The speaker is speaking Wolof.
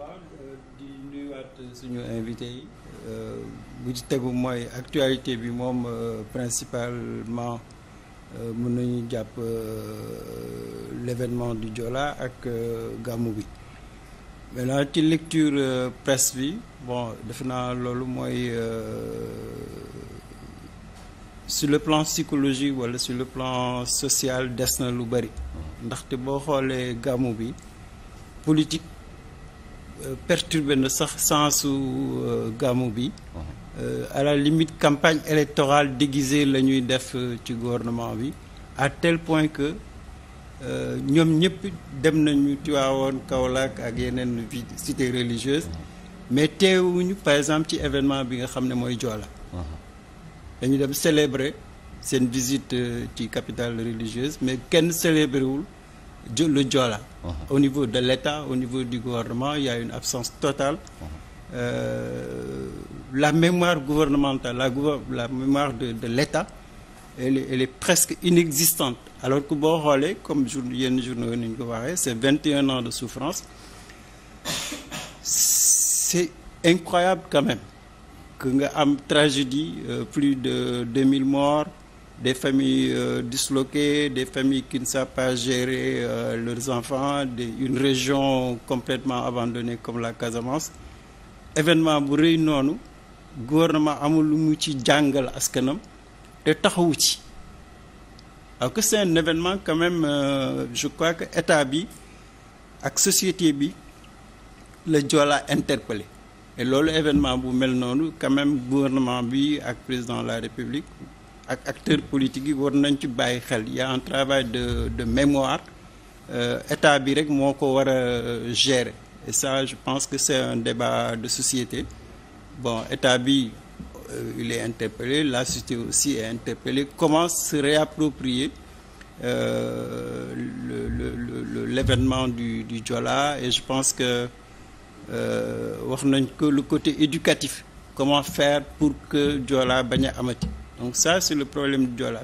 waaw euh, di nuyuwaat euh, suñu invité yi euh, bu ci tegu mooy actualité bi moom principalement mun nañu jàpp l'événement du Joola ak gàmmu bi maintenant ci lecture presse bi bon def naa loolu mooy sur le plan psychologique wala sur le plan social des na lu bëri ndaxte boo xoolee gàmmu bi politique perturbé na sax sensu euh, gàmmu bi euh, à la limite campagne électorale déguisée la ñuy def euh, ci gouvernement bi à tel point que ñoom ñëpp dem nañu Tiwaawoon Kaolack ak yeneen cité religieuse mais teewuñu par exemple ci événement bi nga xam ne mooy Joola dañu dem célébrer seen visite ci capitale religieuse mais kenn célébrer le Diola. Uh-huh. Au niveau de l'État, au niveau du gouvernement, il y a une absence totale. Uh-huh. Euh, la mémoire gouvernementale, la, la mémoire de, de l'État, elle, elle, est presque inexistante. Alors que bon relais, comme Julien Journaux c'est 21 ans de souffrance. C'est incroyable quand même que nous avons tragédie, euh, plus de morts, des familles euh, disloquées, des familles qui ne savent pas gérer euh, leurs enfants, des, une région complètement abandonnée comme la Casamance. événement bu rëy noonu gouvernement amul lu mu ci jàngal askanam te taxawu ci alors que c'est un événement quand euh, je crois que état bi ak société bi la jola interpellé et loolu événement bu mel noonu quand même gouvernement bi ak président de la République ak acteur politiques yi war nañ ci bàyyi xel y a un travail de de mémoire euh, état bi rek moo ko war a euh, gérer et ça je pense que c'est un débat de société bon état bi euh, il est interpellé la société aussi est interpellée comment se réapproprier euh, le, le, l'événement du du et je pense que wax nañ ko le côté éducatif comment faire pour que Joola bañ amati donc ça c'est le problème du Joola